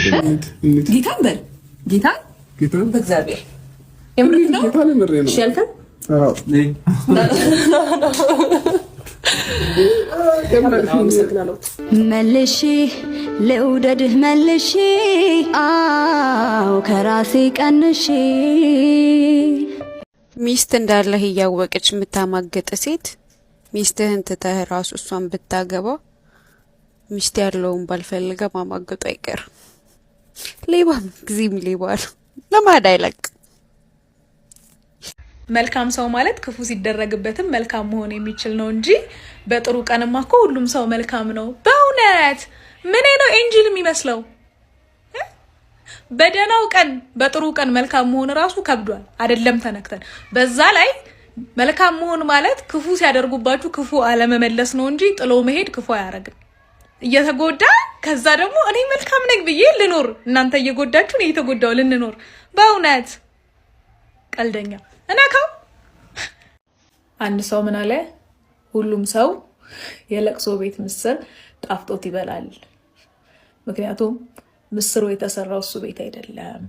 ጌታን በል ጌታን ጌታን በእግዚአብሔር መልሼ ልውደድህ መልሼ አው ከራሴ ቀንሼ ሚስት እንዳለህ እያወቀች የምታማገጥ ሴት ሚስትህን ትተህ ራሱ እሷን ብታገባ ሚስት ያለውን ባልፈልገ ማማገጡ አይቀርም። ሌባም ጊዜም ሌባ ነው፣ ለማድ አይለቅ። መልካም ሰው ማለት ክፉ ሲደረግበትም መልካም መሆን የሚችል ነው እንጂ በጥሩ ቀንማ እኮ ሁሉም ሰው መልካም ነው። በእውነት ምን ነው ኤንጅል የሚመስለው? በደህናው ቀን በጥሩ ቀን መልካም መሆን እራሱ ከብዷል፣ አይደለም ተነክተን። በዛ ላይ መልካም መሆን ማለት ክፉ ሲያደርጉባችሁ ክፉ አለመመለስ ነው እንጂ ጥሎ መሄድ ክፉ አያደርግም። እየተጎዳ ከዛ ደግሞ እኔ መልካም ነኝ ብዬ ልኖር፣ እናንተ እየጎዳችሁ እኔ እየተጎዳው ልንኖር። በእውነት ቀልደኛ እነካው። አንድ ሰው ምን አለ? ሁሉም ሰው የለቅሶ ቤት ምስር ጣፍጦት ይበላል። ምክንያቱም ምስሩ የተሰራው እሱ ቤት አይደለም።